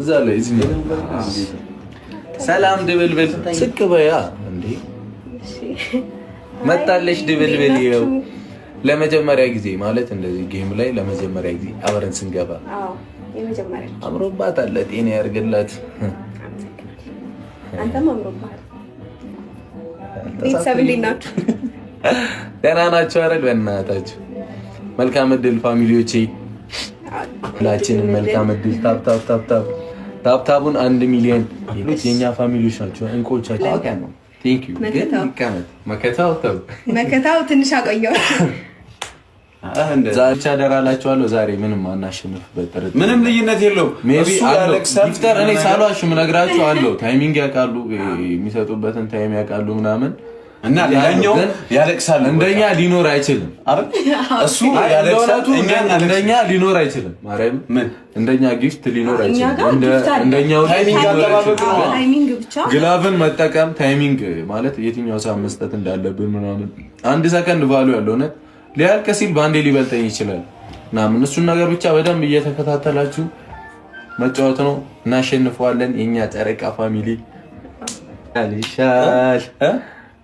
እዛ ላይ ሰላም ድብልብል ስቅ በያ እንዴ መጣለች ድብልብል ይኸው ለመጀመሪያ ጊዜ ማለት እንደዚህ ጌም ላይ ለመጀመሪያ ጊዜ አብረን ስንገባ አምሮባት አለ ጤና ያርግላት። ቤተሰብ እንዴት ናችሁ? ደህና ናችሁ አይደል? በእናታችሁ መልካም እድል ፋሚሊዎቼ። ሁላችንን መልካም እድል። ታብታብታብታብ ታብታቡን አንድ ሚሊዮን የኛ ፋሚሊዎች ናቸው እንቆቻቸው። መከታው ትንሽ አቆየው። ዛቻ ደራላችኋለሁ። ዛሬ ምንም አናሸንፍበት ጥርጥ ምንም ልዩነት የለውም። ይፍጠር እኔ ሳሏሽ ምነግራችሁ አለው። ታይሚንግ ያውቃሉ፣ የሚሰጡበትን ታይም ያውቃሉ ምናምን እና ሌላኛው ያለቅሳል። እንደኛ ሊኖር አይችልም። እሱ እንደኛ ሊኖር አይችልም። ማርያም ምን እንደኛ ጊፍት ሊኖር አይችልም። እንደኛው ግላቭን መጠቀም ታይሚንግ ማለት የትኛው ሰዓት መስጠት እንዳለብን ምናምን አንድ ሰከንድ ቫሉ ያለሆነ ሊያልቅ ሲል በአንዴ ሊበልጠኝ ይችላል ምናምን እሱን ነገር ብቻ በደንብ እየተከታተላችሁ መጫወት ነው። እናሸንፈዋለን። የእኛ ጨረቃ ፋሚሊ ይሻል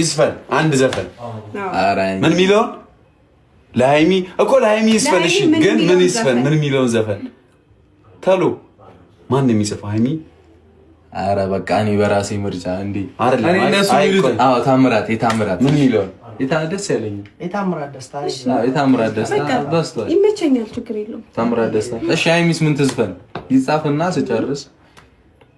ይስፈን አንድ ዘፈን ምን የሚለውን ለሃይሚ እኮ ለሃይሚ ይስፈን። እሺ ግን ምን ይስፈን? ምን የሚለውን ዘፈን ተሎ ማን ነው የሚጽፈው? ሃይሚ አረ በቃ እኔ በራሴ ምርጫ እንዴ ታምራት የታምራት ምን የሚለውን ደስ ያለኝ የታምራት ደስታ የታምራት ደስታ ይመቸኛል። ችግር የለውም። ታምራት ደስታ። እሺ ሃይሚስ ምን ትዝፈን? ይጻፍና ስጨርስ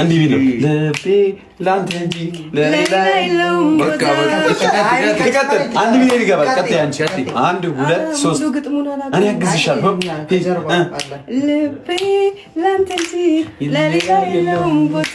እንዲህ ቢል ልቤ ለአንተ እንጂ አንድ ሚሊዮን ይገባል። ቀጥል። አንቺ አንድ ሁለት ሶስት እኔ አግዝሻለሁ። ልቤ ለአንተ እንጂ ለሌላ የለውም ቦታ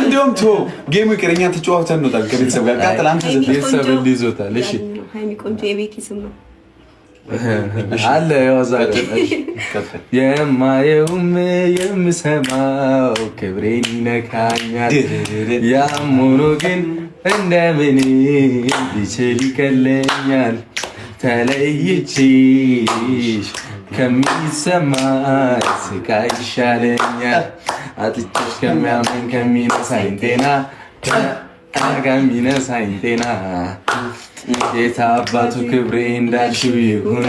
እንዲሁም ቶ ጌሙ ይቅርኛ ተጫዋተን እንወጣለን ከቤተሰብ ጋር ቀጥል። አንተ ቤተሰብ ይዞታል። እሺ አለ ያዛ የማየውም የምሰማው ክብሬን ይነካኛል። ያም ሆኖ ግን እንደምን ሊችል ይቀለኛል ተለይቼሽ ከሚሰማ ስቃይ ይሻለኛል አጥቼሽ ከሚያመኝ ከሚነሳኝ ጤና ከሚነሳኝ ጤና ጌታ አባቱ ክብሬ እንዳልሽው ይሁና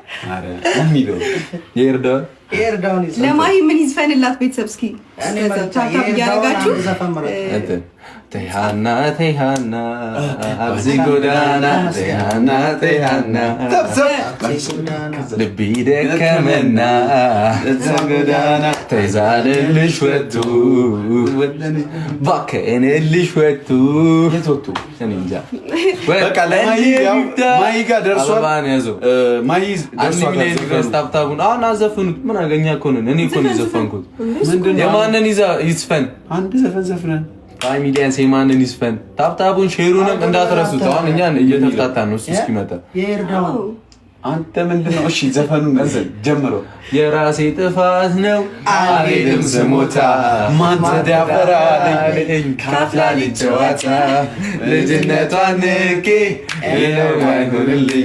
ለማሂ ምን ይዝፈንላት ቤተሰብ እስኪ ታብታብ እያደረጋችሁ ቴሃና ተሃና አብዚ ጎዳና ተሃና ተሃና ልቢ ደከመና እዛ ጎዳና ተይዛልልሽ ወቱ ባከንልሽ ወቱ ታብታቡን አሁን አዘፍኑት። ምን አገኛ ኮንን እኔ ኮን የዘፈንኩት የማንን ይስፈን አንድ ዘፈን ዘፍነን አይ ሚዲያን ሴማንን ይስፈን። ታብታቡን ሼሩንም እንዳትረሱት። አሁን እኛ እየተፍታታን ነው እሱ እስኪመጣ አንተ ምንድን ነው? እሺ ዘፈኑን ጀምሮ የራሴ ጥፋት ነው አልሄድም ስሞታ ማን ተዳፈራልኝ ካፍላል ጨዋታ ልጅነቷ ንቄ ይለዋይሆንልኝ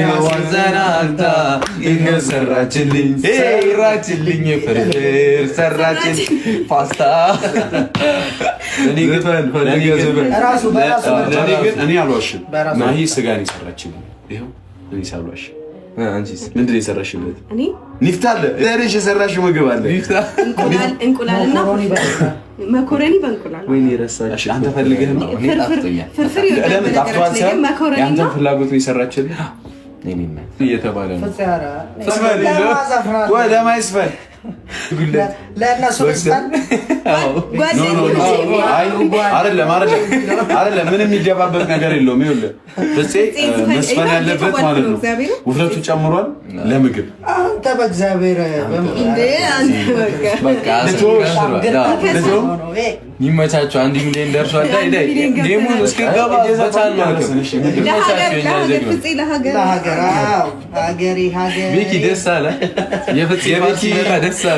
ይዋዘናታ ይኸው ሰራችልኝ ሰራችልኝ ፍርፍር ሰራችል ፓስታ እኔ ግን እኔ አልዋሽም ናሂ ስጋን ይሰራችልኝ ይኸው ሳሏሽ ምንድን ነው የሰራሽበት? ኒፍታ አለ ዛሬሽ የሰራሽው ምግብ አለ። እንቁላልና መኮረኒ በእንቁላል ወይ ረሳሽ? አንተ ፈልገህ ነው ፍርፍር ጣፍቷል ሳይሆን የአንተን ፍላጎት የሰራችልህ እየተባለ ነው ለማስፈል ለእነሱ ስል አይደለም፣ ምንም የሚገባበት ነገር የለውም። ይኸውልህ መስፈን ያለበት ማለት ነው ውፍረቱ ጨምሯል። ለምግብ ይመቻቸው። አንድ ሚሊዮን ደርሷል። ደስ አለ።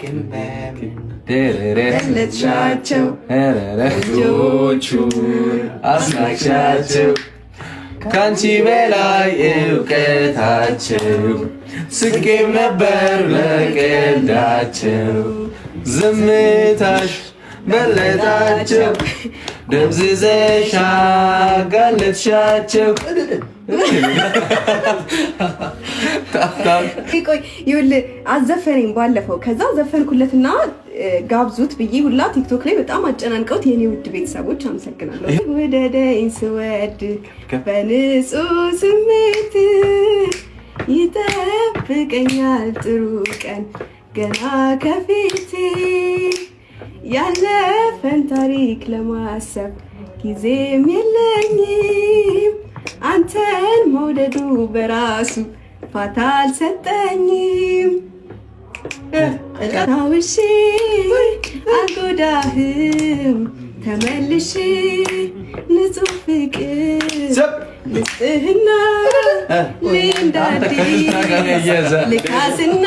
ግን በምን ገለጥሻቸው እጆቹን ከአንቺ በላይ እውቀታቸው ስቄም ነበር ለቀልዳቸው ዝምታሽ በለጣቸው ደብዝዘሻ ጋለጥሻቸው ይኸውልህ አዘፈነኝ ባለፈው። ከዛ ዘፈንኩለትና ጋብዙት ብዬ ሁላ ቲክቶክ ላይ በጣም አጨናንቀውት፣ የኔ ውድ ቤተሰቦች አመሰግናለሁ። ውደደኝ ስወድ በንጹህ ስሜት ይጠብቀኛል ጥሩ ቀን ገና ከፊት ያለፈን ታሪክ ለማሰብ ጊዜም የለኝም አንተን መውደዱ በራሱ ፋታ አልሰጠኝም። ታውሽ አልጎዳህም ተመልሽ ንጹህ ፍቅር ንጽህና ልንዳዲ ልካስና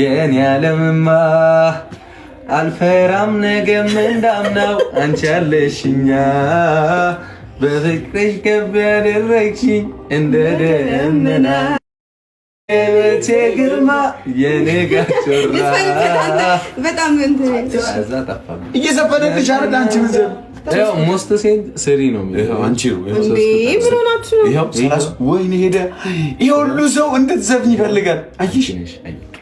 የኔ ዓለምማ አልፈራም ነገም እንዳምናው አንቺ አለሽኛ በፍቅርሽ ገብ ያደረግሽኝ እንደ ደመና የቤቴ ግርማ የኔ ጋቸራ በጣም ሞስት ሴንት ስሪ ነው አንቺ ሄደ ይሄ ሁሉ ሰው እንድትዘፍኝ ይፈልጋል። አየሽ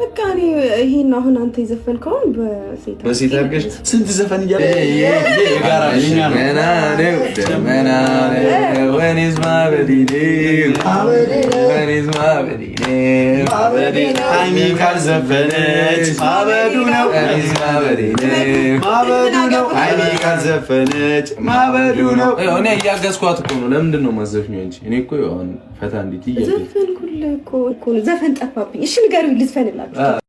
በቃ እኔ ይሄን አሁን አንተ የዘፈንከውን በሴት አድርገሽ ስንት ዘፈን እያለ ማበዱ ነው፣ ማበዱ ነው። እያገዝኳት እኮ ነው። ለምንድን ነው የማዘፍኝ? እኔ እኮ ፈታ እንዲት እያለ ዘፈን ጠፋብኝ። እሺ ንገሪው ልዝፈንላችሁ።